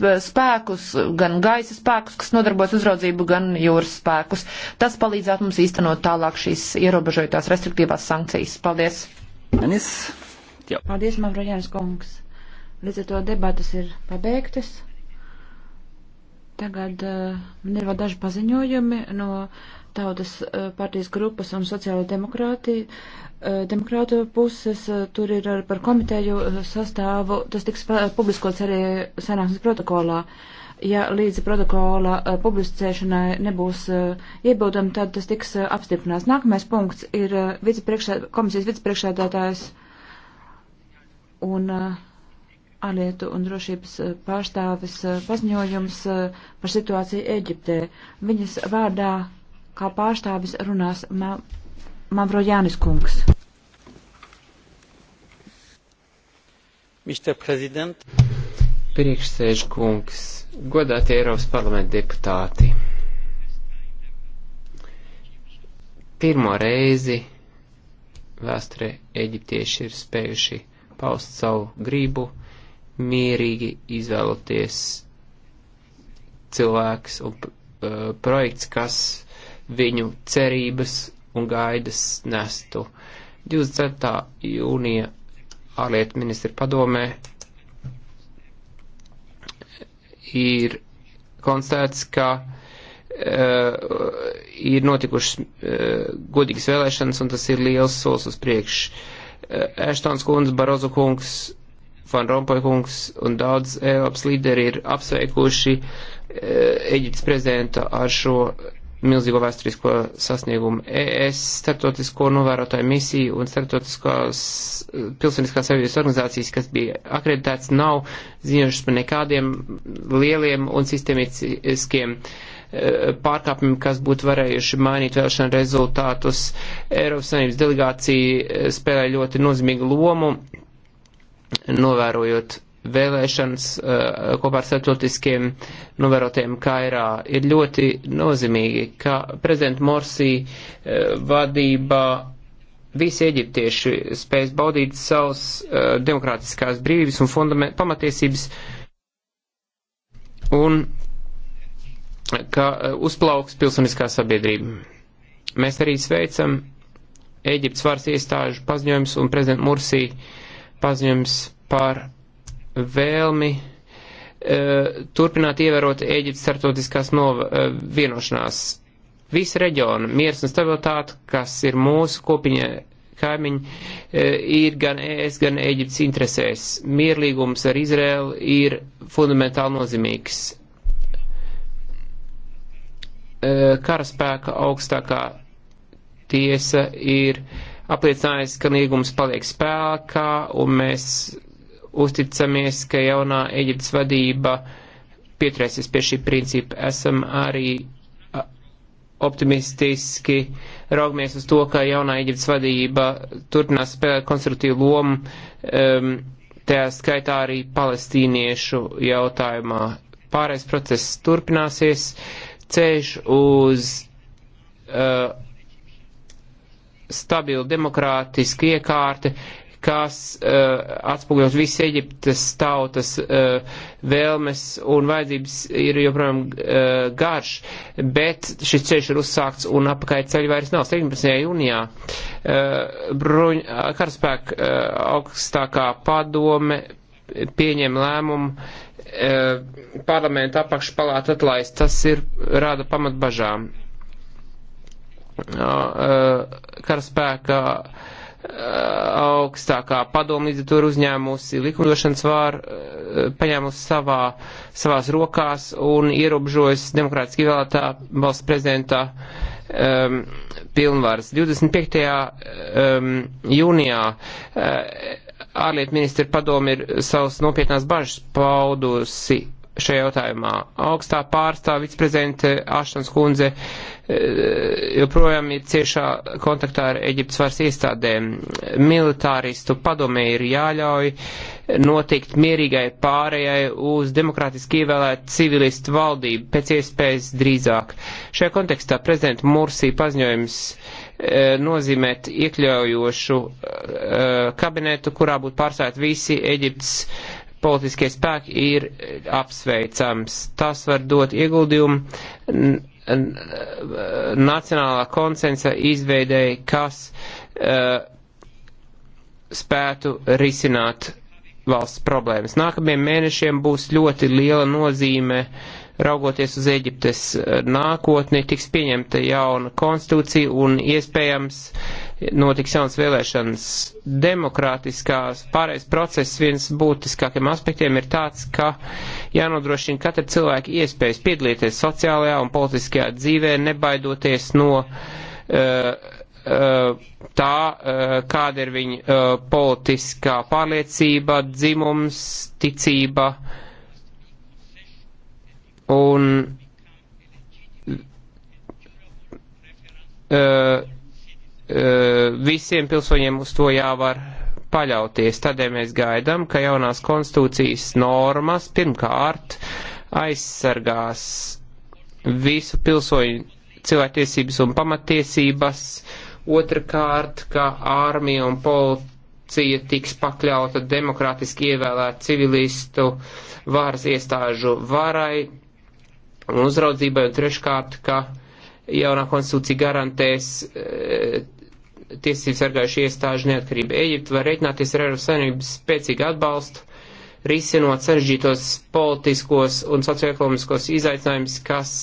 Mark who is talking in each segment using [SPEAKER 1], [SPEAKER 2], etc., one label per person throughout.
[SPEAKER 1] spēkus, gan gaisa spēkus, kas nodarbojas uzraudzību, gan jūras spēkus. Tas palīdzētu mums īstenot tālāk šīs ierobežotās restriktīvās sankcijas. Paldies! Manis.
[SPEAKER 2] Jā. Paldies, Mavrojāns kungs! Līdz ar to debatas ir pabeigtas. Tagad uh, man ir vēl daži paziņojumi no tautas eh, partijas grupas un sociālo demokrātiju. Eh, demokrātu puses eh, tur ir ar, par komiteju sastāvu, tas tiks publiskots arī sanāksmes protokolā. Ja līdz protokola publicēšanai nebūs iebildumi, tad tas tiks apstiprināts. Nākamais punkts ir vicepriekšā, komisijas vicepriekšādātājs un uh, ārlietu un drošības pārstāvis paziņojums par situāciju Eģiptē. Viņas vārdā kā pārstāvis runās Ma Mavro Jānis Kungs.
[SPEAKER 3] Priekšsēž kungs, godātie Eiropas parlamenta deputāti. Pirmo reizi vēsturē eģiptieši ir spējuši paust savu gribu, mierīgi izvēloties cilvēks un uh, projekts, kas viņu cerības un gaidas nestu. 24. jūnija ārlietu ministra padomē ir konstatēts, ka uh, ir notikušas uh, godīgas vēlēšanas, un tas ir liels solis uz priekšu. Uh, eh, Eštons kundze, Barozo kungs, Van Rompuy kungs un daudz Eiropas līderi ir apsveikuši uh, Eģiptes prezidenta ar šo milzīgo vēsturisko sasniegumu. ES starptautisko novērotāju misiju un starptautiskās eh, pilsoniskās savienības organizācijas, kas bija akreditēts, nav ziņojušas par nekādiem lieliem un sistemiskiem eh, pārkāpumiem, kas būtu varējuši mainīt vēlšana rezultātus. Eiropas Savienības delegācija eh, spēlē ļoti nozīmīgu lomu, novērojot vēlēšanas eh, kopā ar starptautiskiem novērotiem Kairā ir ļoti nozīmīgi, ka prezidenta Morsī eh, vadībā visi eģiptieši spēs baudīt savas eh, demokrātiskās brīvības un pamatiesības un ka uzplauks pilsoniskā sabiedrība. Mēs arī sveicam Eģiptes varas iestāžu paziņojums un prezidenta Mursī paziņojums par vēlmi eh, turpināt ievērot Ēģiptes startotiskās eh, vienošanās. Visa reģiona miers un stabilitāte, kas ir mūsu kopiņa kaimiņi, eh, ir gan ES, gan Ēģiptes interesēs. Mierlīgums ar Izrēlu ir fundamentāli nozīmīgs. Karaspēka augstākā tiesa ir apliecinājusi, ka līgums paliek spēkā, un mēs uzticamies, ka jaunā Eģiptes vadība pieturēsies pie šī principa. Esam arī optimistiski raugamies uz to, ka jaunā Eģiptes vadība turpinās spēlēt konstruktīvu lomu, um, tajā skaitā arī palestīniešu jautājumā. Pārējais process turpināsies, ceļš uz uh, stabilu demokrātisku iekārti kas uh, atspoguļos visas Eģiptes tautas uh, vēlmes un vajadzības ir joprojām uh, garš, bet šis ceļš ir uzsākts un apakaļ ceļi vairs nav. 17. jūnijā uh, bruņ, uh, karaspēka uh, augstākā padome pieņem lēmumu uh, parlamentu apakšpalātu atlaist. Tas ir rāda pamatbažām. Uh, uh, karaspēka uh, augstākā padoma līdz tur uzņēmusi likumdošanas vāru, eh, paņēmusi savā, savās rokās un ierobežojusi demokrātiski vēlētā valsts prezidentā um, ehm, pilnvaras. 25. Um, ehm, jūnijā uh, ārlietu ministra padomi ir savas nopietnās bažas paudusi šajā jautājumā. Augstā pārstāvja viceprezidente Aštons kundze e, joprojām ir ciešā kontaktā ar Eģiptes varas iestādēm. Militāristu padomē ir jāļauj notikt mierīgai pārējai uz demokrātiski ievēlēt civilistu valdību pēc iespējas drīzāk. Šajā kontekstā prezidenta Mursī paziņojums e, nozīmēt iekļaujošu e, kabinetu, kurā būtu pārstāvēt visi Eģiptes politiskie spēki ir apsveicams. Tas var dot ieguldījumu nacionālā konsensa izveidēji, kas uh, spētu risināt valsts problēmas. Nākamajiem mēnešiem būs ļoti liela nozīme uh, raugoties uz Eģiptes eh, nākotni, tiks pieņemta jauna konstitūcija un iespējams uh, notiks jauns vēlēšanas. Demokrātiskās pārējais process viens būtiskākiem aspektiem ir tāds, ka jānodrošina katra cilvēka iespējas piedalīties sociālajā un politiskajā dzīvē, nebaidoties no uh, tā, eh, kāda ir viņa politiskā pārliecība, dzimums, ticība. Un uh, Eh, visiem pilsoņiem uz to jāvar paļauties. Tādēļ mēs gaidām, ka jaunās konstitūcijas normas pirmkārt aizsargās visu pilsoņu cilvēktiesības un pamatiesības, otrkārt, ka ārmija un policija tiks pakļauta demokrātiski ievēlēt civilistu varas iestāžu varai un uzraudzībai, un treškārt, ka uh, jaunā konstitūcija garantēs eh, tiesību sargājuši iestāžu neatkarību. Eģipte var reiķināties ar Eiropas Savienības spēcīgu atbalstu, risinot sarežģītos politiskos un socioekonomiskos izaicinājumus, kas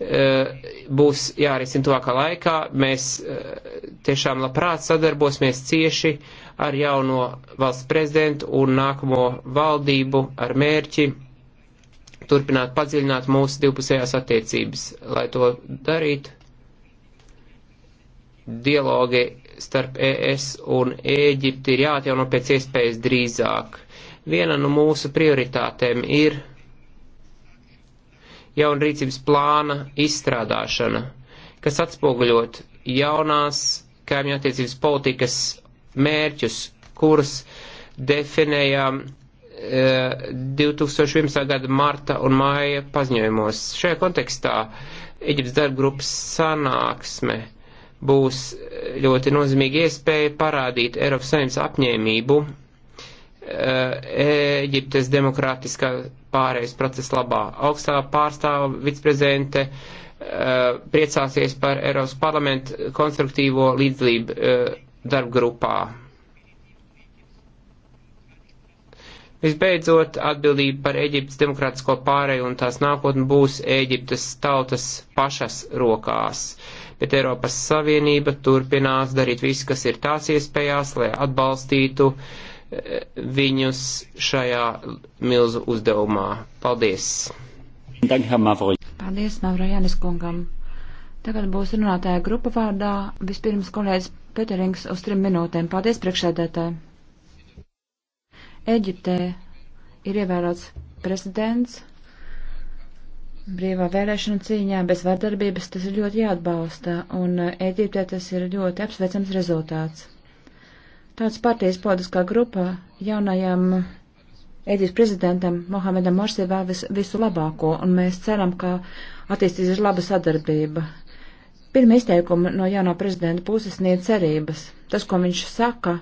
[SPEAKER 3] eh, būs jārisina tuvākā laikā. Mēs eh, tiešām labprāt sadarbosimies cieši ar jauno valsts prezidentu un nākamo valdību ar mērķi turpināt padziļināt mūsu divpusējās attiecības. Lai to darītu, dialogi starp ES un Ēģipti ir jāatjauno pēc iespējas drīzāk. Viena no mūsu prioritātēm ir jauna rīcības plāna izstrādāšana, kas atspoguļot jaunās kaimiņu attiecības politikas mērķus, kurus definējām 2011. Eh, gada marta un māja paziņojumos. Šajā kontekstā Eģiptes darba grupas sanāksme būs ļoti nozīmīga iespēja parādīt Eiropas Savienības apņēmību eh, Eģiptes demokrātiskā pārējais procesa labā. Augstā pārstāva viceprezidente eh, priecāsies par Eiropas parlamentu konstruktīvo līdzdalību darba grupā. Visbeidzot, atbildība par Eģiptes demokrātisko pārēju un tās nākotni būs Eģiptes tautas pašas rokās, bet Eiropas Savienība turpinās darīt visu, kas ir tās iespējās, lai atbalstītu eh, viņus šajā milzu uzdevumā. Paldies! Paldies,
[SPEAKER 2] Mavro Jānis kungam! Tagad būs runātāja grupa vārdā. Vispirms kolēģis Peterings uz trim minūtēm. Paldies, priekšēdētāji! Eģiptē ir ievērots prezidents brīvā vēlēšana cīņā bez vardarbības, tas ir ļoti jāatbalsta, un e, Eģiptē tas ir ļoti apsveicams rezultāts. Tāds partijas politiskā grupa jaunajam Eģiptes prezidentam Mohamedam Morsī vēl vis, visu labāko, un mēs ceram, ka attīstīsies laba sadarbība. Pirmie izteikumi no jaunā prezidenta puses sniedz cerības. Tas, ko viņš saka,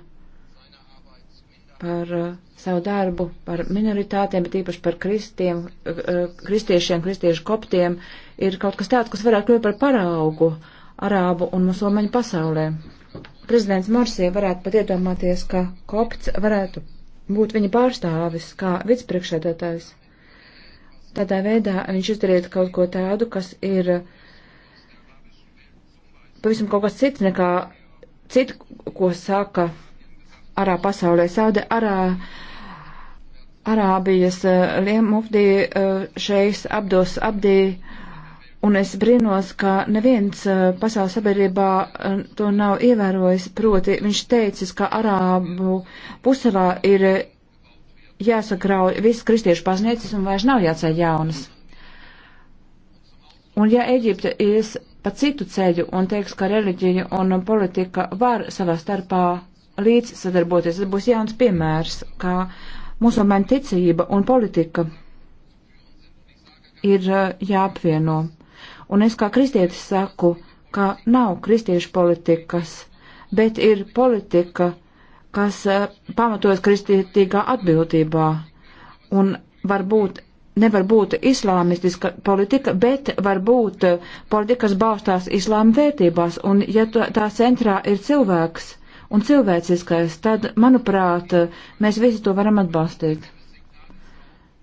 [SPEAKER 2] par uh, savu darbu, par minoritātiem, bet īpaši par kristiem, uh, kristiešiem, kristiešu koptiem, ir kaut kas tāds, kas varētu kļūt par paraugu arābu un musulmaņu pasaulē. Prezidents Morsija varētu pat iedomāties, ka kopts varētu būt viņa pārstāvis kā vicepriekšēdētājs. Tādā veidā viņš izdarītu kaut ko tādu, kas ir pavisam kaut kas cits nekā citu, ko saka arā pasaulē. Sauda arā. Arābijas eh, Liemufdī eh, šeis Abdos Abdī, un es brīnos, ka neviens eh, pasaules sabiedrībā to nav ievērojis, proti viņš teicis, ka Arābu pusavā ir jāsakrauj viss kristiešu pasniecis un vairs nav jāceļ jaunas. Un ja Eģipte ies pa citu ceļu un teiks, ka reliģija un politika var savā starpā līdz sadarboties. Tas būs jauns piemērs, kā musulmaņu ticība un politika ir uh, jāapvieno. Un es kā kristietis saku, ka nav kristiešu politikas, bet ir politika, kas uh, pamatojas kristietīgā atbildībā. Un varbūt nevar būt islāmistiska politika, bet var būt uh, politika, kas balstās islāma vērtībās. Un ja tā centrā ir cilvēks, un cilvēciskais, tad, manuprāt, mēs visi to varam atbalstīt.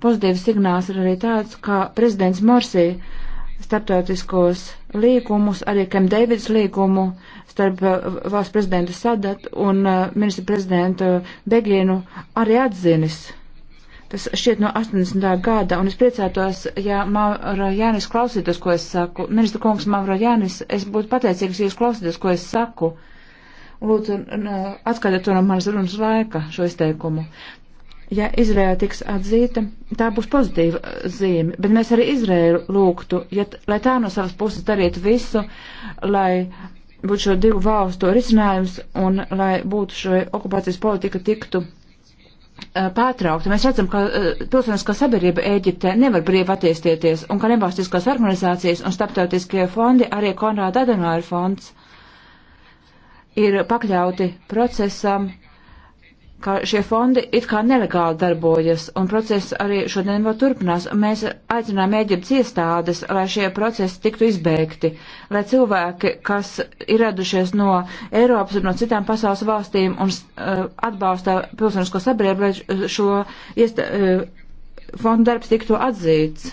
[SPEAKER 2] Pozitīvs signāls ir arī tāds, ka prezidents Morsī starptautiskos līgumus, arī Kem Deivids līgumu starp uh, valsts prezidentu Sadat un uh, ministru prezidentu Begīnu arī atzinis. Tas šķiet no 80. gada, un es priecātos, ja Mauro Jānis klausītos, ko es saku. Ministra kungs Mauro Jānis, es būtu pateicīgs, ja jūs klausītos, ko es saku. Uh, Lūdzu, atskaidrot no manas runas laika šo izteikumu. Ja Izraēla tiks atzīta, tā būs pozitīva zīme, bet mēs arī Izraēlu lūgtu, ja, lai tā no savas puses darītu visu, lai būtu šo divu valstu risinājums un lai būtu šo okupācijas politika tiktu pārtraukta. Mēs redzam, ka pilsoniskā sabiedrība Ēģipte nevar brīvi attīstīties un ka nevalstiskās organizācijas un starptautiskie fondi, arī Konrāda Adenauer fonds, ir pakļauti procesam, ka šie fondi it kā nelegāli darbojas, un process arī šodien vēl turpinās. Mēs aicinām Ēģiptes iestādes, lai šie procesi tiktu izbeigti, lai cilvēki, kas ir radušies no Eiropas un no citām pasaules valstīm un uh, atbalsta pilsonisko sabiedrību, lai šo iestā, uh, eh, fondu darbs tiktu atzīts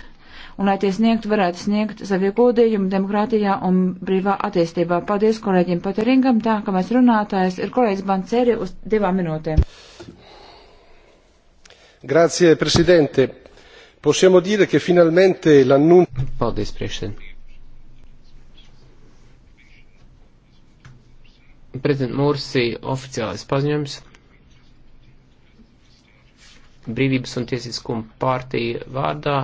[SPEAKER 2] un lai tie sniegt, varētu sniegt savu ieguldījumu demokrātijā un brīvā attīstībā. Paldies kolēģim Pateringam, tā ka mēs runātājs ir kolēģis Banceri uz divām minūtēm.
[SPEAKER 3] Grazie, Presidente. Possiamo dire che finalmente l'annuncio. Paldies, priekšsēdētāj. prezidenta Mūrsī oficiālais paziņojums. Brīvības un tiesiskuma pārtīja vārdā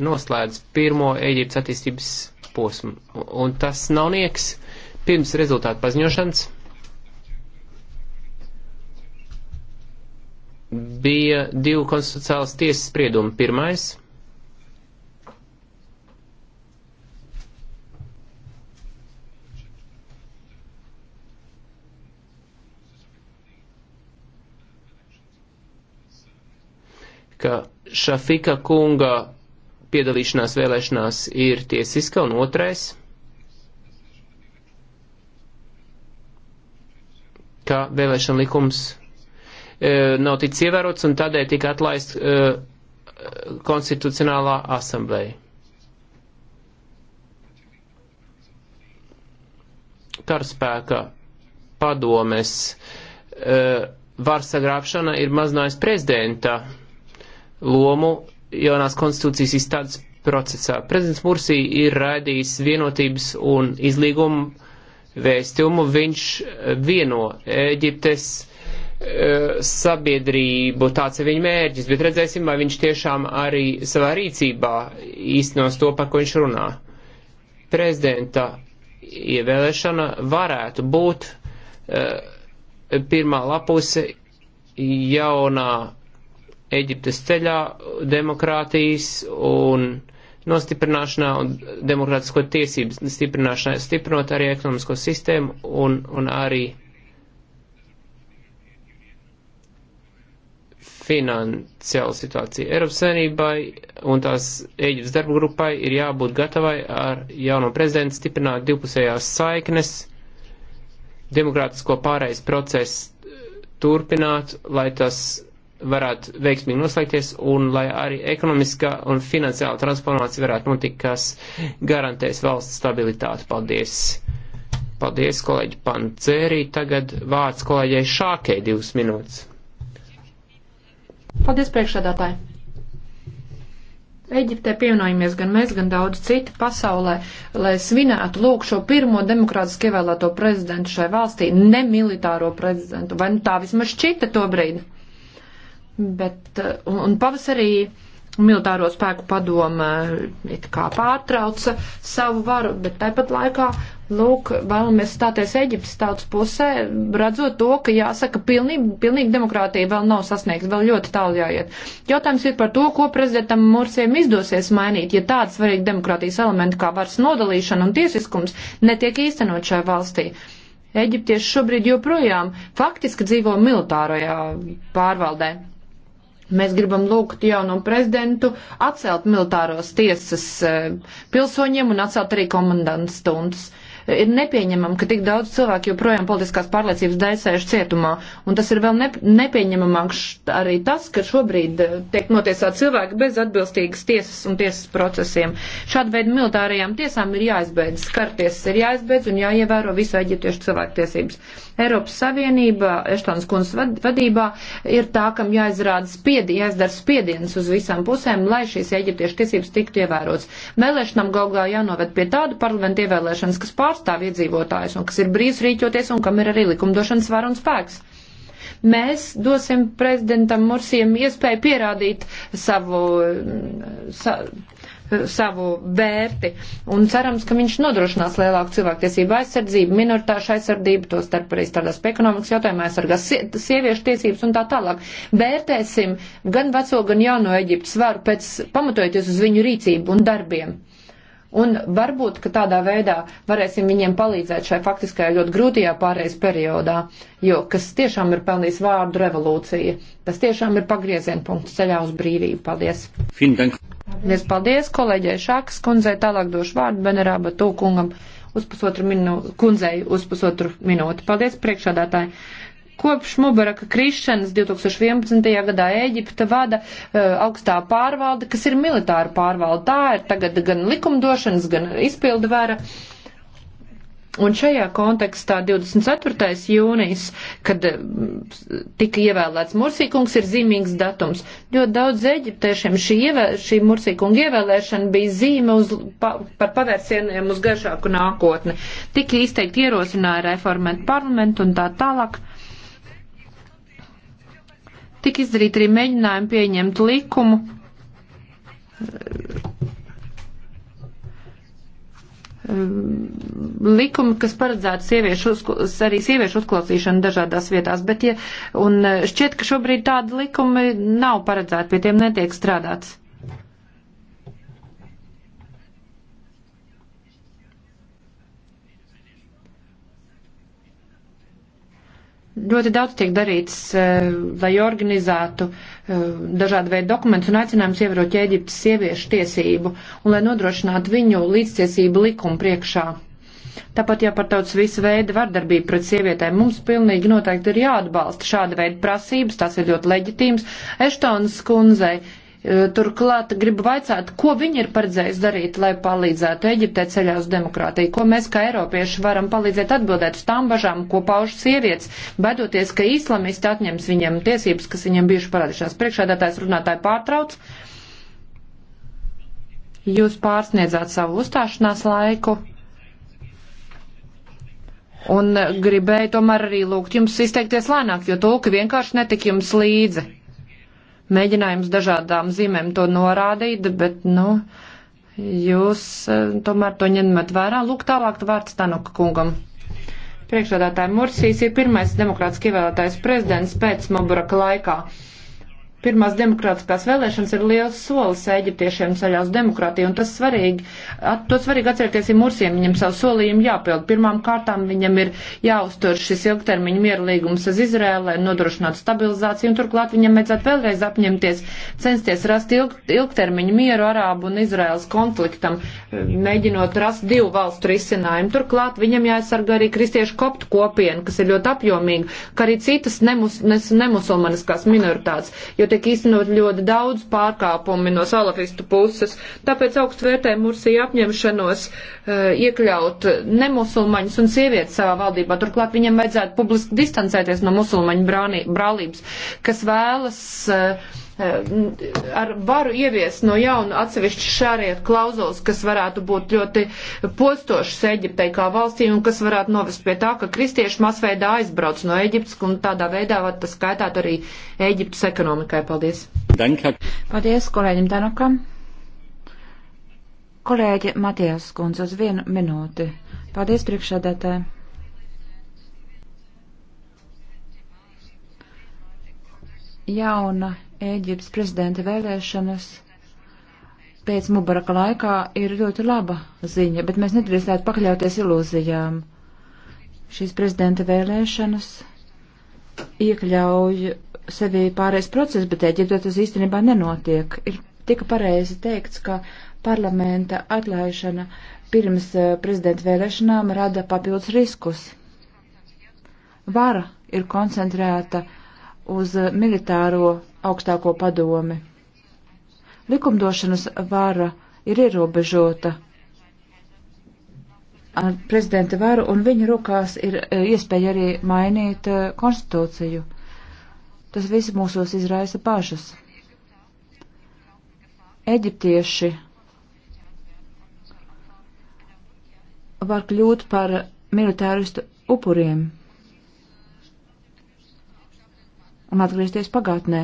[SPEAKER 3] noslēdz pirmo Eģiptes attīstības posmu. Un tas nav nieks pirms rezultātu paziņošanas. Bija divi konstitucionālas tiesas spriedumi. Pirmais ka Šafika kunga piedalīšanās vēlēšanās ir tiesiska, un otrais, ka vēlēšana likums e, nav ticis ievērots, un tādēļ tika atlaist e, konstitucionālā asambleja. Karspēka padomes e, varsagrābšana ir mazinājis prezidenta lomu jaunās konstitūcijas izstādes procesā. Prezidents Mursī ir raidījis vienotības un izlīgumu vēstījumu. Viņš eh, vieno Eģiptes eh, sabiedrību, tāds ir viņa mērķis, bet redzēsim, vai viņš tiešām arī savā rīcībā īstenos to, par ko viņš runā. Prezidenta ievēlēšana varētu būt eh, pirmā lapuse jaunā Eģiptes ceļā demokrātijas un nostiprināšanā un demokrātisko tiesības stiprināšanā, stiprinot arī ekonomisko sistēmu un, un arī finansiālu situāciju. Eiropas Savienībai un tās Eģiptes darba grupai ir jābūt gatavai ar jauno prezidentu stiprināt divpusējās saiknes, demokrātisko pārējais procesu turpināt, lai tas varētu veiksmīgi noslēgties un lai arī ekonomiskā un finansiāla transformācija varētu notikt, kas garantēs valsts stabilitāti. Paldies! Paldies, kolēģi Pancēri. Tagad vārds kolēģei Šākei divas minūtes.
[SPEAKER 1] Paldies, priekšsēdātāji! Eģiptē pievienojamies gan mēs, gan daudz citi pasaulē, lai svinētu lūk šo pirmo demokrātiski ievēlēto prezidentu šai valstī, nemilitāro prezidentu, vai nu tā vismaz šķita to brīdi. Bet, eh, un, un pavasarī militāro spēku padome eh, it kā pārtrauca savu varu, bet tāpat laikā, lūk, vēlamies stāties Eģiptes tautas pusē, redzot to, ka jāsaka, pilnīgi, pilnīgi demokrātija vēl nav sasniegta, vēl ļoti tālu jāiet. Jautājums ir par to, ko prezidentam Mursiem izdosies mainīt, ja tāds svarīgi demokrātijas elementi kā varas nodalīšana un tiesiskums netiek īstenot šajā valstī. Eģiptieši šobrīd joprojām faktiski dzīvo militārajā pārvaldē. Mēs gribam lūgt jauno prezidentu atcelt militāros tiesas eh, pilsoņiem un atcelt arī komandantstundas. stundas. Ir nepieņemam, ka tik daudz cilvēku joprojām politiskās pārliecības dēļ sēž cietumā, un tas ir vēl nep nepieņemamāk arī tas, ka šobrīd eh, tiek notiesāti cilvēki bez atbilstīgas tiesas un tiesas procesiem. Šāda veida militārajām tiesām ir jāizbeidz, skarties ir jāizbeidz un jāievēro visu eģiptiešu cilvēktiesības. Eiropas Savienība, Eštons kundzes vad vadībā, ir tā, kam jāizrāda spiedi, jāizdara spiediens uz visām pusēm, lai šīs eģiptiešu tiesības tiktu ievērotas. Vēlēšanām galvā jānoved pie tādu parlamentu ievēlēšanas, kas pār pārstāv iedzīvotājus un kas ir brīvs rīķoties un kam ir arī likumdošanas var un spēks. Mēs dosim prezidentam Mursijam iespēju pierādīt savu, sa, savu vērti un cerams, ka viņš nodrošinās lielāku cilvēktiesību aizsardzību, minoritāšu aizsardzību, to starp arī strādās pie ekonomikas jautājumā, aizsargās sieviešu tiesības un tā tālāk. Vērtēsim gan veco, gan jauno Eģiptes varu pēc pamatojoties uz viņu rīcību un darbiem. Un varbūt, ka tādā veidā varēsim viņiem palīdzēt šai faktiskajā ļoti grūtajā pārējais periodā, jo kas tiešām ir pelnījis vārdu revolūcija, tas tiešām ir pagriezienpunkts ceļā uz brīvību. Paldies!
[SPEAKER 3] Paldies,
[SPEAKER 1] paldies kolēģei Šākas kundzei, tālāk došu vārdu Benerāba Tūkungam uz pusotru minūti, kundzei uz pusotru minūti. Paldies priekšādātāji! Kopš Mubaraka krišanas 2011. gadā Ēģipta vada uh, augstā pārvalde, kas ir militāra pārvalde. Tā ir tagad gan likumdošanas, gan izpildu vēra. Un šajā kontekstā 24. jūnijas, kad eh, tika ievēlēts Mursīkungs, ir zīmīgs datums. Ļoti daudz eģiptiešiem šī, ievē, šī Mursīkunga ievēlēšana bija zīme uz, pa, par pavērsieniem uz gaišāku nākotni. Tika izteikti ierosināja reformēt parlamentu un tā tālāk. Tik izdarīt arī mēģinājumi pieņemt likumu. likumi, kas paredzētu sieviešu, arī sieviešu uzklausīšanu dažādās vietās, bet ja, un eh, šķiet, ka šobrīd tādi likumi nav paredzēti, pie tiem netiek strādāts. Ļoti daudz tiek darīts, eh, lai organizētu eh, dažādu veidu dokumentus un aicinājums ievērot Ēģiptes sieviešu tiesību un lai nodrošinātu viņu līdztiesību likumu priekšā. Tāpat jāpārtauc visu veidu vardarbību pret sievietēm. Mums pilnīgi noteikti ir jāatbalsta šāda veida prasības, tas ir ļoti leģitīms. Eštonas kundzei Eh, turklāt gribu vaicāt, ko viņi ir paredzējis darīt, lai palīdzētu Eģiptē ceļā uz demokrātiju, ko mēs kā eiropieši varam palīdzēt atbildēt uz tām bažām, ko pauž sievietes, baidoties, ka islamisti atņems viņiem tiesības, kas viņiem bijuši parādījušās. Priekšādātājs runātāji pārtrauc. Jūs pārsniedzāt savu uzstāšanās laiku. Un gribēju tomēr arī lūgt jums izteikties lēnāk, jo tulki vienkārši netika jums līdzi mēģinājums dažādām zīmēm to norādīt, bet, nu, jūs e, tomēr to ņemat vērā. Lūk, tālāk vārds Tanuka kungam priekšādātāja Mursijas ir pirmais demokrātiski ievēlētais prezidents pēc Mubaraka laikā. Pirmās demokrātiskās vēlēšanas ir liels solis eģiptiešiem ceļā uz demokrātiju, un tas svarīgi, at, to svarīgi atcerēties ir mursiem, viņam savu solījumu jāpild. Pirmām kārtām viņam ir jāuztur šis ilgtermiņa miera līgums uz Izrēlē, nodrošināt stabilizāciju, un turklāt viņam vajadzētu vēlreiz apņemties censties rast ilg, ilgtermiņu mieru Arābu un Izraels konfliktam, mēģinot rast divu valstu risinājumu. Turklāt viņam jāaizsarga arī kristiešu koptu kopiena, kas ir ļoti apjomīga, kā arī citas nemus, nemusulmaniskās minoritātes, jo tiek īstenot ļoti daudz pārkāpumi no salafistu puses. Tāpēc augstu vērtē Mursija apņemšanos eh, iekļaut nemusulmaņus un sievietes savā valdībā. Turklāt viņiem vajadzētu publiski distancēties no musulmaņu brālības, kas vēlas eh, Eh, ar varu ieviest no jauna atsevišķi šāriet klauzulas, kas varētu būt ļoti postošas Eģiptei kā valstī un kas varētu novest pie tā, ka kristieši masveidā aizbrauc no Eģiptes un tādā veidā tas skaitāt arī Eģiptes ekonomikai. Paldies! Dankā.
[SPEAKER 2] Paldies kolēģim Danukam! Kolēģi Matijas kundze uz vienu minūti. Paldies priekšādātāji! Jauna Ēģiptes prezidenta vēlēšanas pēc Mubaraka laikā ir ļoti laba ziņa, bet mēs nedrīkstētu pakļauties ilūzijām. Šīs prezidenta vēlēšanas iekļauj sevi pārējais process, bet Ēģiptē tas īstenībā nenotiek. Ir tika pareizi teikts, ka parlamenta atlaišana pirms eh, prezidenta vēlēšanām rada papildus riskus. Vara ir koncentrēta uz militāro augstāko padomi. Likumdošanas vara ir ierobežota ar prezidenta varu, un viņa rokās ir e, iespēja arī mainīt e, konstitūciju. Tas viss mūsos izraisa pašas. Eģiptieši var kļūt par militāristu upuriem. un atgriezties pagātnē.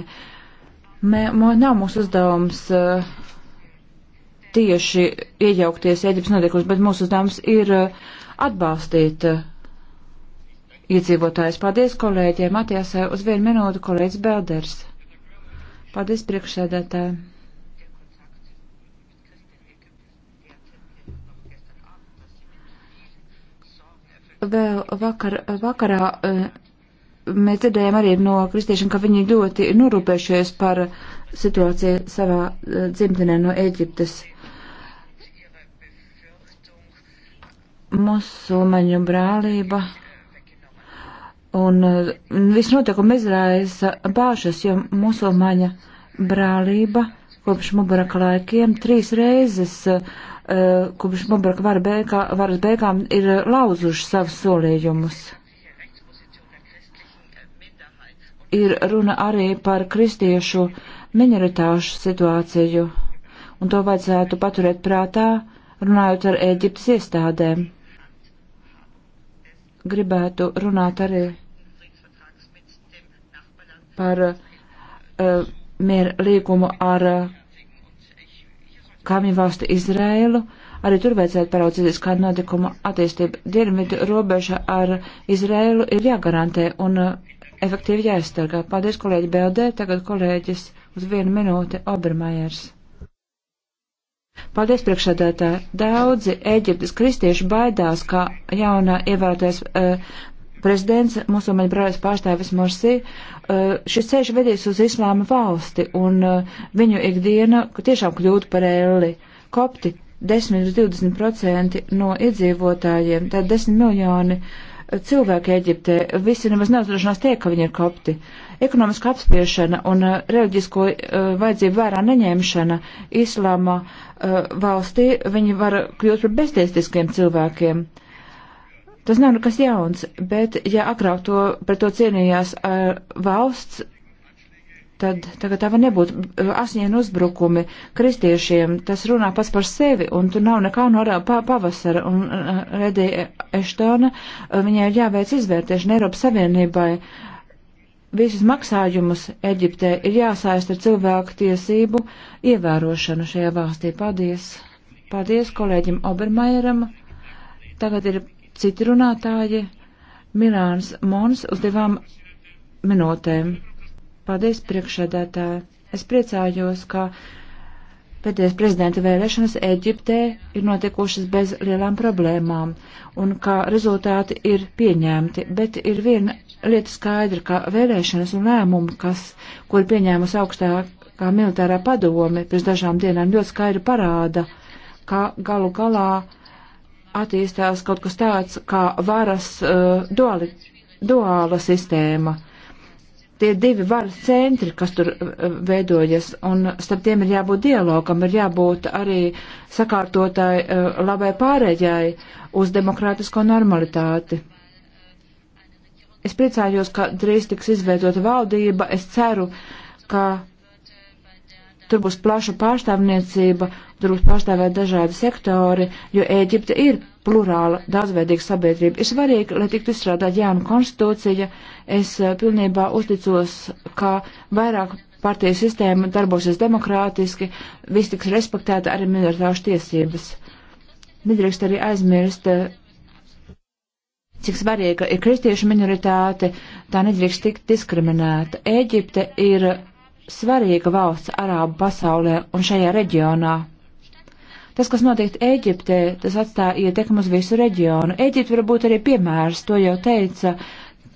[SPEAKER 2] Mē, mē, nav mūsu uzdevums uh, tieši iejaukties Eģiptes notiekumos, bet mūsu uzdevums ir uh, atbalstīt uh, iedzīvotājus. Paldies kolēģiem, Matijasai, uz vienu minūtu kolēģis Belders. Paldies priekšsēdētāji. Vēl vakar, vakarā. Uh, mēs dzirdējām arī no kristiešiem, ka viņi ļoti norūpējušies par situāciju savā eh, dzimtenē no Eģiptes. Musulmaņu brālība un eh, viss notikuma izraisa bāžas, jo musulmaņa brālība kopš Mubaraka laikiem trīs reizes eh, kopš Mubaraka varas beigām ir lauzuši savus solījumus. ir runa arī par kristiešu minoritāšu situāciju, un to vajadzētu paturēt prātā, runājot ar Ēģiptes iestādēm. Gribētu runāt arī par uh, eh, mieru līgumu ar uh, eh, kaimiņu valsti Izrēlu. Arī tur vajadzētu paraudzīties, kāda notikuma attīstība. Dienvidu robeža ar Izrēlu ir jāgarantē, un uh, efektīvi jāizstargā. Paldies, kolēģi BLD. Tagad kolēģis uz vienu minūti Obermajers. Paldies, priekšsēdētāji. Daudzi Eģiptes kristieši baidās, ka jaunā ievēlētais uh, eh, prezidents, musulmaņu brālis pārstāvis Morsi, uh, šis ceļš vedīs uz islāma valsti un uh, viņu ikdiena tiešām kļūtu par elli. Kopti 10 līdz 20% no iedzīvotājiem, tad 10 miljoni uh, cilvēki Eģiptē visi nemaz neuzdrošinās teikt, ka viņi ir kopti. Ekonomiska apspiešana un uh, reliģisko uh, vajadzību vērā neņemšana islāma uh, valstī, viņi var kļūt par beztiestiskiem cilvēkiem. Tas nav nekas jauns, bet ja agrāk to, pret to cienījās uh, valsts, tad tagad tā var nebūt eh, asņēna uzbrukumi kristiešiem. Tas runā pats par sevi, un tur nav nekā no pavasara. Un uh, eh, Redija Eštona, uh, viņai ir jāveic izvērtēšana Eiropas Savienībai. Visus maksājumus Eģiptē ir jāsaista ar cilvēku tiesību ievērošanu šajā valstī. Paldies! Paldies kolēģim Obermaieram. Tagad ir citi runātāji. Mirāns Mons uz divām minūtēm. Paldies, priekšsēdētāji. Es priecājos, ka pēdējās prezidenta vēlēšanas Eģiptē ir notikušas bez lielām problēmām un ka rezultāti ir pieņemti, bet ir viena lieta skaidra, ka vēlēšanas un lēmumi, kas, kur pieņēmusi augstākā militārā padome pirms dažām dienām, ļoti skaidri parāda, ka galu galā attīstās kaut kas tāds kā varas uh, duali, duāla sistēma tie divi varas centri, kas tur eh, veidojas, un starp tiem ir jābūt dialogam, ir jābūt arī sakārtotai eh, labai pārējai uz demokrātisko normalitāti. Es priecājos, ka drīz tiks izveidota valdība. Es ceru, ka Tur būs plaša pārstāvniecība, tur būs pārstāvēt dažādi sektori, jo Ēģipte ir plurāla, daudzveidīga sabiedrība. Ir svarīgi, lai tiktu izstrādāt jaunu konstitūciju. Es eh, pilnībā uzticos, ka vairāk partija sistēma darbosies demokrātiski, viss tiks respektēta arī minoritāšu tiesības. Nedrīkst arī aizmirst eh, cik svarīga ir kristiešu minoritāte, tā nedrīkst tikt diskriminēta. Ēģipte ir svarīga valsts Arābu pasaulē un šajā reģionā. Tas, kas notiek Ēģiptē, tas atstāja ietekmi uz visu reģionu. Ēģipte var būt arī piemērs, to jau teica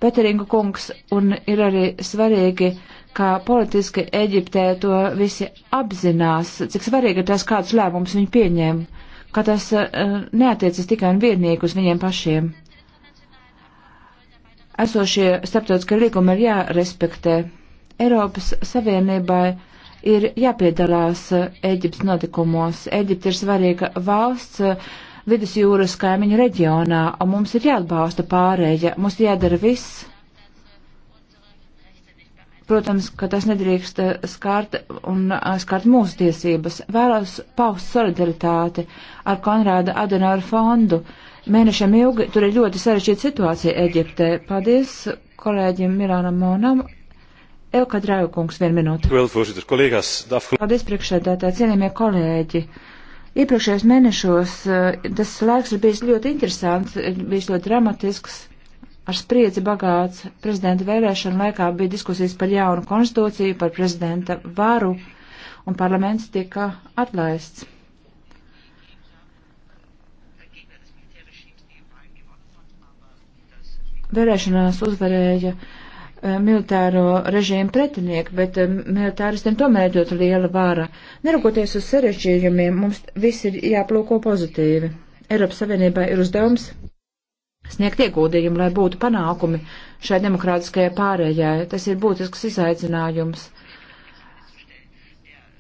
[SPEAKER 2] Peteringa kungs, un ir arī svarīgi, kā politiski Ēģiptē to visi apzinās, cik svarīgi ir tas, kāds lēmums viņi pieņem, ka tas uh, neatiecas tikai un vienīgi uz viņiem pašiem. Esošie starptautiskie līgumi ir jārespektē. Eiropas Savienībai ir jāpiedalās Eģiptes notikumos. Eģipte ir svarīga valsts vidusjūras kaimiņu reģionā, un mums ir jāatbalsta pārēja. Mums jādara viss. Protams, ka tas nedrīkst skārt un skārt mūsu tiesības. Vēlos paust solidaritāti ar Konrāda Adenauer fondu. Mēnešiem ilgi tur ir ļoti sarežģīta situācija Eģiptē. Paldies kolēģim Mirānam Monam Elka Draugungs, vienu minūti. Paldies, priekšsēdētāji, cienījamie kolēģi. Iepriekšējos mēnešos eh, tas laiks ir bijis ļoti interesants, eh, bijis ļoti dramatisks, ar spriedzi bagāts. Prezidenta vēlēšana laikā bija diskusijas par jaunu konstitūciju, par prezidenta varu, un parlaments tika atlaists. Vēlēšanās uzvarēja uh, Eh, militāro režīmu pretinieki, bet eh, militāristiem tomēr ir ļoti liela vāra. Neraugoties uz sarežģījumiem, mums viss ir jāplūko pozitīvi. Eiropas Savienībā ir uzdevums sniegt ieguldījumu, lai būtu panākumi šai demokrātiskajai pārējai. Tas ir būtisks izaicinājums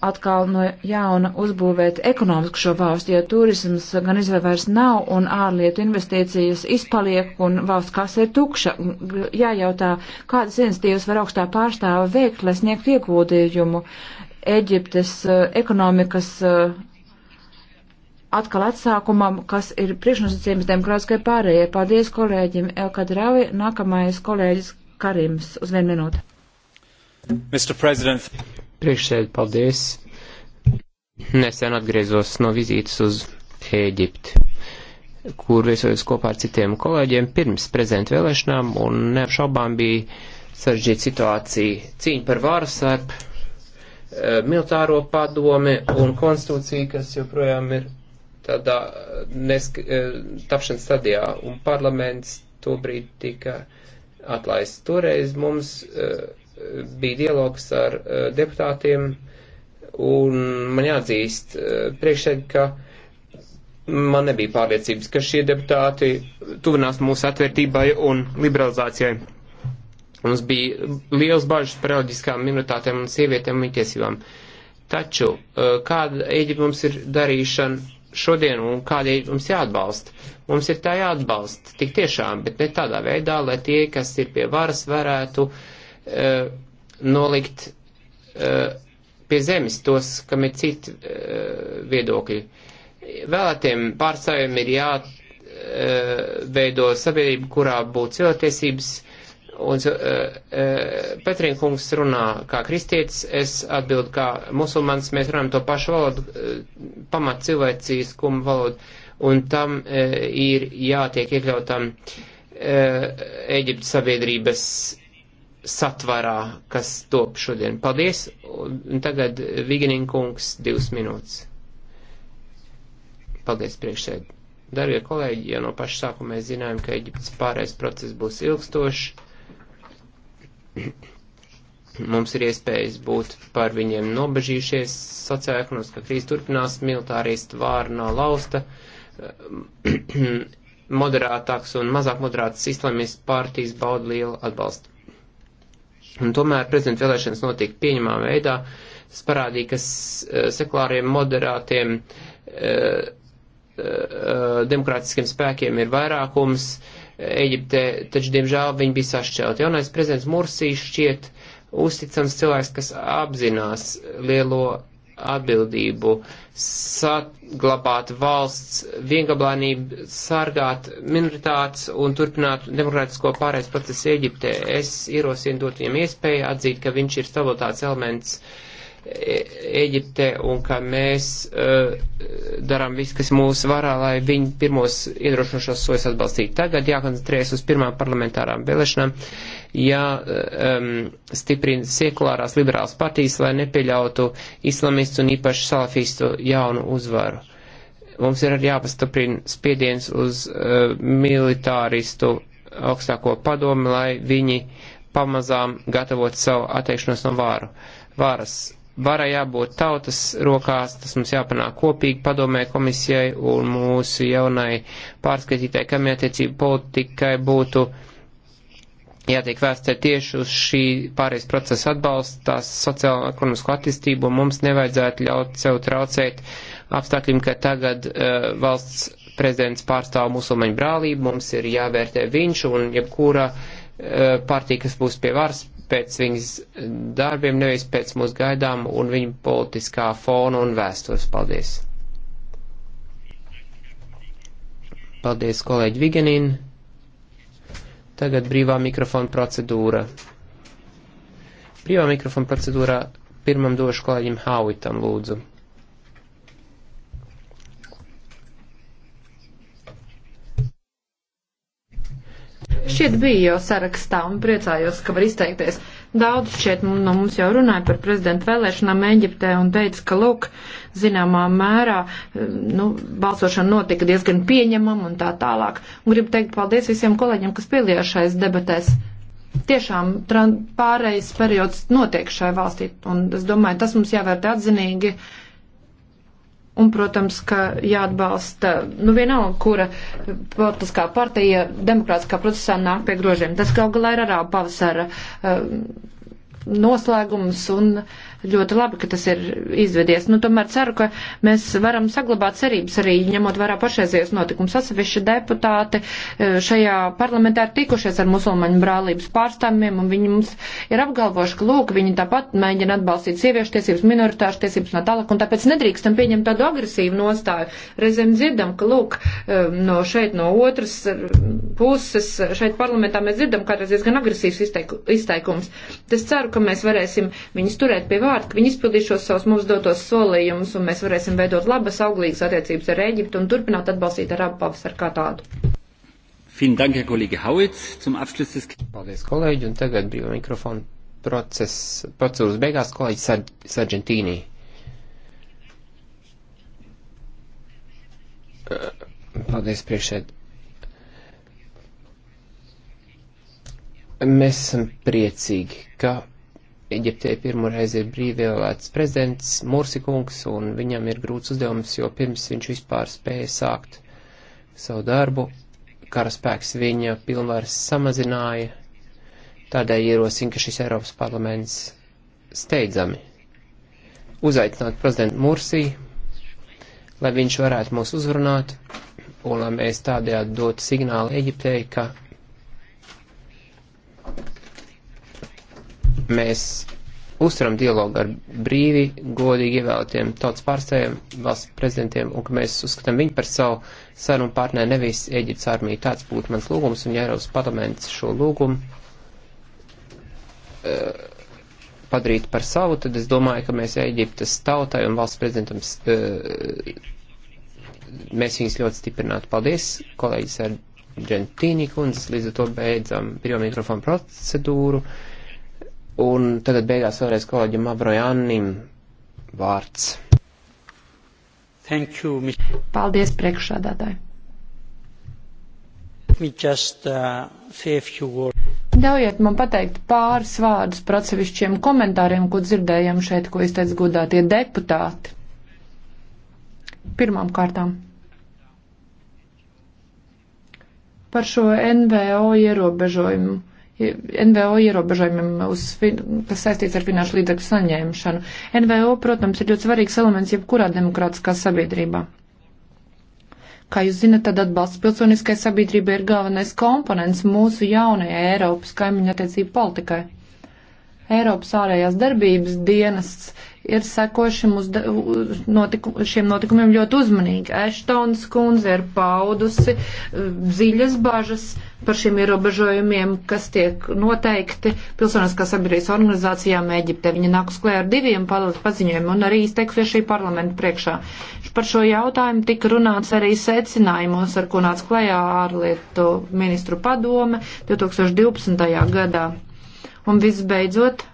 [SPEAKER 2] atkal no jauna uzbūvēt ekonomisku šo valsti, jo turisms gan izvairs nav un ārlietu investīcijas izpaliek un valsts kasa ir tukša. Jājautā, kādas institīvas var augstā pārstāva veikt, lai sniegtu ieguldījumu Eģiptes eh, ekonomikas eh, atkal atsākumam, kas ir priekšnosacījums demokrātiskai pārējai. Paldies kolēģim Elkadravi, nākamais kolēģis Karims uz vienu minūtu.
[SPEAKER 3] Mr. President. Priekšsēd, paldies. Nesen atgriezos no vizītes uz Ēģipti, kur viesojos kopā ar citiem kolēģiem pirms prezidenta vēlēšanām, un neapšaubām bija sarežģīta situācija cīņa par varu starp eh, militāro padomi un konstitūciju, kas joprojām ir tādā eh, nesk, eh, tapšanas stadijā, un parlaments to brīdi tika atlaists. Toreiz mums uh, bija dialogs ar eh, deputātiem, un man jāatzīst eh, priekšēd, ka man nebija pārliecības, ka šie deputāti tuvinās mūsu atvērtībai un liberalizācijai. Mums bija liels bažas par reliģiskām minoritātēm un sievietēm un tiesībām. Taču eh, kāda Eģipte mums ir darīšana šodien un kāda Eģipte mums jāatbalsta? Mums ir tā jāatbalsta tik tiešām, bet ne tādā veidā, lai tie, kas ir pie varas, varētu uh, uh, nolikt uh, pie zemes tos, kam ir citi uh, viedokļi. Vēlētiem pārstāvjiem ir jāveido uh, sabiedrība, kurā būtu cilvēktiesības. Un uh, uh, Petrīna kungs runā kā kristietis, es atbildu kā musulmanis, mēs runājam to pašu valodu, uh, pamat cilvēcīskumu valodu, un tam uh, ir jātiek iekļautam uh, Eģiptes sabiedrības satvarā, kas top šodien. Paldies, un tagad Vigenin kungs divas minūtes. Paldies priekšsēd. Darbie kolēģi, jau no paša sākuma mēs zinājām, ka Eģiptes pārējais process būs ilgstošs. Mums ir iespējas būt par viņiem nobežījušies, sociāekonomiskā krīze turpinās, militāristi vāra nav lausta, moderātāks un mazāk moderātas islamistu partijas bauda lielu atbalstu Un tomēr prezidenta vēlēšanas notika pieņemā veidā, tas parādīja, ka e, seklāriem, moderātiem, e, e, e, demokrātiskiem spēkiem ir vairākums Eģiptē, taču, diemžēl, viņi bija sašķelti. Jaunais prezidents Mursī šķiet uzticams cilvēks, kas apzinās lielo atbildību saglabāt valsts viengablānību, sargāt minoritātes un turpināt demokrātisko pārējais procesu Eģiptē. Es ierosinu dot viņam iespēju atzīt, ka viņš ir stabilitātes elements uh, Eģipte un ka mēs uh, darām visu, kas mūsu varā, lai viņi pirmos iedrošinošos sojas atbalstītu. Tagad jākoncentrējas uz pirmām parlamentārām vēlēšanām, jāstiprina eh, um, sekulārās liberālas partijas, lai nepieļautu islamistu un īpaši salafistu jaunu uzvaru. Mums ir arī jāpastiprina spiediens uz uh, militāristu augstāko padomu, lai viņi pamazām gatavot savu atteikšanos no vāru, vāras vara jābūt tautas rokās, tas mums jāpanāk kopīgi padomē komisijai un mūsu jaunai pārskatītāji, kam jātiecība politikai būtu jātiek vēstē tieši uz šī pārējais procesa atbalsta, tās sociālo-ekonomisko attīstību, un mums nevajadzētu ļaut sev traucēt apstākļiem, ka tagad uh, valsts prezidents pārstāv musulmaņu brālību, mums ir jāvērtē viņš un jebkura uh, partija, kas būs pie varas, pēc viņas darbiem, nevis pēc mūsu gaidām un viņa politiskā fona un vēstures. Paldies! Paldies, kolēģi Vigenin! Tagad brīvā mikrofona procedūra. Brīvā mikrofona procedūrā pirmam došu kolēģim Hauitam, lūdzu.
[SPEAKER 1] Šķiet bija jau sarakstā un priecājos, ka var izteikties. Daudz šeit nu, no mums jau runāja par prezidentu vēlēšanām Eģiptē un teica, ka, lūk, zināmā mērā, eh, nu, balsošana notika diezgan pieņemama un tā tālāk. Un gribu teikt paldies visiem kolēģiem, kas piedalījās šais debatēs tiešām pārējais periods notiek šai valstī, un es domāju, tas mums jāvērtē atzinīgi Un, protams, ka jāatbalsta, nu vienalga, kura politiskā partija demokrātiskā procesā nāk pie grožiem. Tas gal galā ir arā pavasara uh, noslēgums un ļoti labi, ka tas ir izvedies. Nu, tomēr ceru, ka mēs varam saglabāt cerības arī ņemot vērā pašreizējos notikums. Atsevišķi deputāti e, šajā parlamentā ir tikušies ar musulmaņu brālības pārstāvjiem un viņi mums ir apgalvojuši, ka lūk, viņi tāpat mēģina atbalstīt sieviešu tiesības, minoritāšu tiesības no tālāk un tāpēc nedrīkstam pieņemt tādu agresīvu nostāju. Reizēm dzirdam, ka lūk, e, no šeit no otras puses, šeit parlamentā mēs dzirdam kādreiz diezgan agresīvs izteikums. Es ceru, ceru, ka mēs varēsim viņus turēt pie vārta, ka viņi izpildīšos savus mums dotos solījumus un mēs varēsim veidot labas, auglīgas attiecības ar Eģiptu un turpināt atbalstīt Arabu pavasaru kā tādu.
[SPEAKER 3] Paldies, kolēģi, un tagad brīvā mikrofona process, procedūras beigās kolēģis Sargentīnī. Paldies, priekšēd. Mēs esam priecīgi, ka Eģiptē pirmoreiz ir brīvēlēts prezidents Mursikungs, un viņam ir grūts uzdevums, jo pirms viņš vispār spēja sākt savu darbu, karaspēks viņa pilnvaras samazināja, tādēļ ierosina, ka šis Eiropas parlaments steidzami uzaicināt prezidentu Mursī, lai viņš varētu mūs uzrunāt, un lai mēs tādējādi dotu signālu Eģiptei, ka Mēs uzturam dialogu ar brīvi, godīgi ievēlētiem tautas pārstāvjiem, valsts prezidentiem, un ka mēs uzskatām viņu par savu sarunu partneri, nevis Eģiptes armiju. Tāds būtu mans lūgums, un ja Eiropas parlaments šo lūgumu uh, padarītu par savu, tad es domāju, ka mēs Eģiptes tautai un valsts prezidentam uh, mēs viņus ļoti stiprinātu. Paldies, kolēģis ar Gentīni kundzes, līdz ar to beidzam pirmo mikrofonu procedūru. Un tagad beigās vēlreiz kolēģim Abrojanim vārds. Thank you, Mich
[SPEAKER 1] Paldies priekšādātāji.
[SPEAKER 3] Just, uh,
[SPEAKER 1] Ļaujiet man pateikt pāris vārdus par atsevišķiem komentāriem, ko dzirdējām šeit, ko izteica godātie deputāti. Pirmām kārtām par šo NVO ierobežojumu NVO ierobežojumiem, uz, kas saistīts ar finanšu līdzekļu saņēmšanu. NVO, protams, ir ļoti svarīgs elements jebkurā demokrātiskā sabiedrībā. Kā jūs zinat, tad atbalsts pilsoniskai sabiedrībai ir galvenais komponents mūsu jaunajai Eiropas kaimiņu attiecību politikai. Eiropas ārējās darbības dienests ir sekošiem uz notiku, šiem notikumiem ļoti uzmanīgi. Eštons kundze ir paudusi dziļas e, bažas par šiem ierobežojumiem, kas tiek noteikti pilsoniskās sabiedrības organizācijām Eģipte. Viņa nāk uz klē ar diviem paziņojumiem un arī izteiksies šī parlamenta priekšā. Par šo jautājumu tika runāts arī secinājumos, ar ko nāca klējā ārlietu ministru padome 2012. gadā. Un visbeidzot,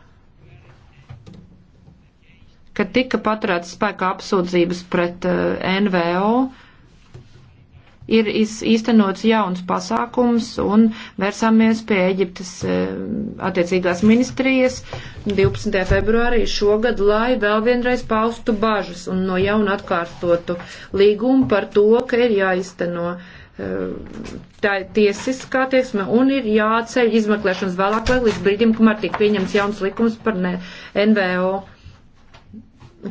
[SPEAKER 1] kad tika paturēts spēkā apsūdzības pret uh, eh, NVO, ir īstenots jauns pasākums un vērsāmies pie Eģiptes uh, attiecīgās ministrijas 12. februārī šogad, lai vēl vienreiz paustu bažas un no jauna atkārtotu līgumu par to, ka ir jāizteno uh, tā tiesiskā tieksme un ir jāceļ izmeklēšanas vēlāk, lai līdz brīdim, kamēr tiek pieņems jauns likums par ne, NVO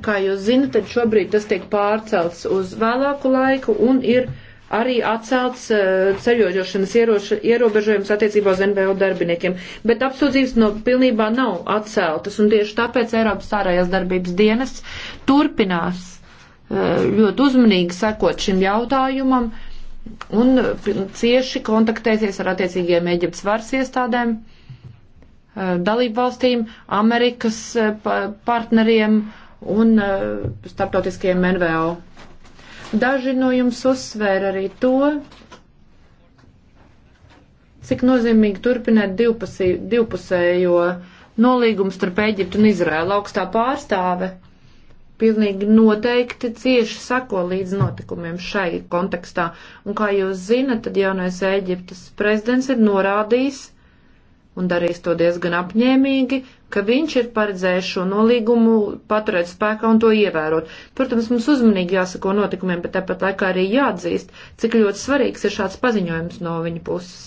[SPEAKER 1] kā jūs zinat, tad šobrīd tas tiek pārcelts uz vēlāku laiku un ir arī atcelts eh, ceļojošanas ieroša, ierobežojums attiecībā uz NVO darbiniekiem. Bet apsūdzības no pilnībā nav atceltas, un tieši tāpēc Eiropas ārējās darbības dienas turpinās eh, ļoti uzmanīgi sekot šim jautājumam un eh, cieši kontaktēsies ar attiecīgiem Eģiptes varas iestādēm, dalību valstīm, Amerikas partneriem, uh, un e, starptautiskiem NVO. Daži no jums uzsvēra arī to, cik nozīmīgi turpināt divpusī, divpusējo nolīgumu starp Eģiptu un Izraēlu. Augstā pārstāve pilnīgi noteikti cieši sako līdz notikumiem šai kontekstā. Un kā jūs zinat, tad jaunais Eģiptes prezidents ir norādījis un darīs to diezgan apņēmīgi, ka viņš ir paredzējis šo nolīgumu paturēt spēkā un to ievērot. Protams, mums uzmanīgi jāsako notikumiem, bet tāpat laikā arī jāatzīst, cik ļoti svarīgs ir šāds paziņojums no viņa puses.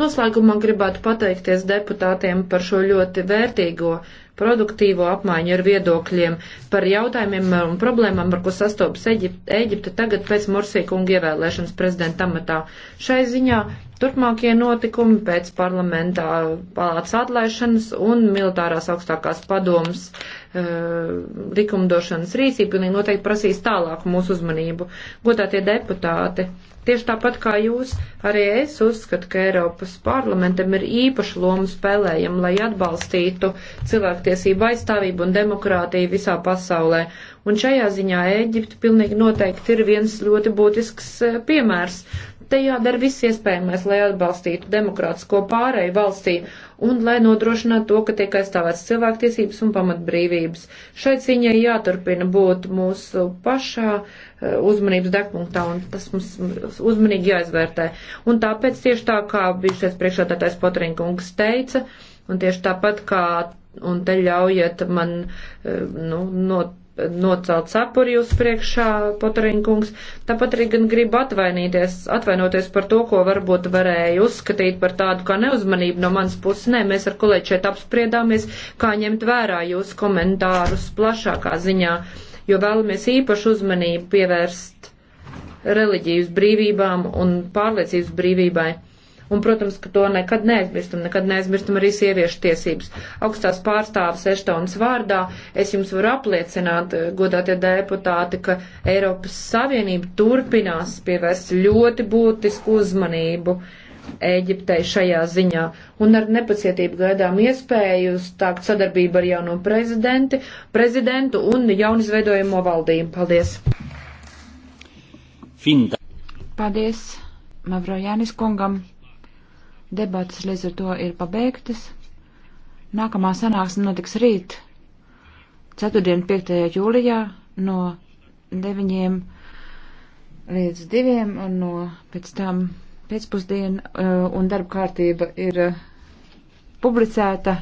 [SPEAKER 1] Noslēgumā gribētu pateikties deputātiem par šo ļoti vērtīgo produktīvo apmaiņu ar viedokļiem par jautājumiem un problēmām, ar ko sastopas Eģipte tagad pēc Mursī kunga ievēlēšanas prezidenta amatā. Šai ziņā turpmākie notikumi pēc parlamentā palātas atlaišanas un militārās augstākās padomas e, likumdošanas rīcība pilnīgi noteikti prasīs tālāku mūsu uzmanību. Godātie deputāti, Tieši tāpat kā jūs, arī es uzskatu, ka Eiropas parlamentam ir īpaša loma spēlējama, lai atbalstītu cilvēktiesību aizstāvību un demokrātiju visā pasaulē. Un šajā ziņā Eģipte pilnīgi noteikti ir viens ļoti būtisks eh, piemērs. Te jādara viss iespējamais, lai atbalstītu demokrātisko pārēju valstī un lai nodrošinātu to, ka tiek aizstāvēts cilvēktiesības un pamatbrīvības. Šai ciņai jāturpina būt mūsu pašā eh, uzmanības degpunktā, un tas mums uzmanīgi jāizvērtē. Un tāpēc tieši tā, kā bijušais priekšādātais Potrinkungs teica, un tieši tāpat kā un te ļaujiet man, eh, nu, no, nocelt sapuri jūs priekšā, Potariņkungs. Tāpat arī gan gribu atvainīties, atvainoties par to, ko varbūt varēju uzskatīt par tādu kā neuzmanību no manas puses. Nē, mēs ar kolēģi šeit apspriedāmies, kā ņemt vērā jūsu komentārus plašākā ziņā, jo vēlamies īpašu uzmanību pievērst reliģijas brīvībām un pārliecības brīvībai Un, protams, ka to nekad neaizmirstam, nekad neaizmirstam arī sieviešu tiesības. Augstās pārstāvis Eštonas vārdā es jums varu apliecināt, eh, godātie deputāti, ka Eiropas Savienība turpinās pievērst ļoti būtisku uzmanību. Ēģiptei šajā ziņā, un ar nepacietību gaidām iespēju stākt sadarbību ar jauno prezidenti, prezidentu un jaunizveidojamo valdību. Paldies!
[SPEAKER 3] Finta.
[SPEAKER 2] Paldies Mavrojānis kungam! Debates līdz ar to ir pabeigtas. Nākamā sanāksme notiks rīt, 4. 5. jūlijā, no 9. līdz 2. un no pēc tam pēcpusdienu, uh, un darba kārtība ir uh, publicēta.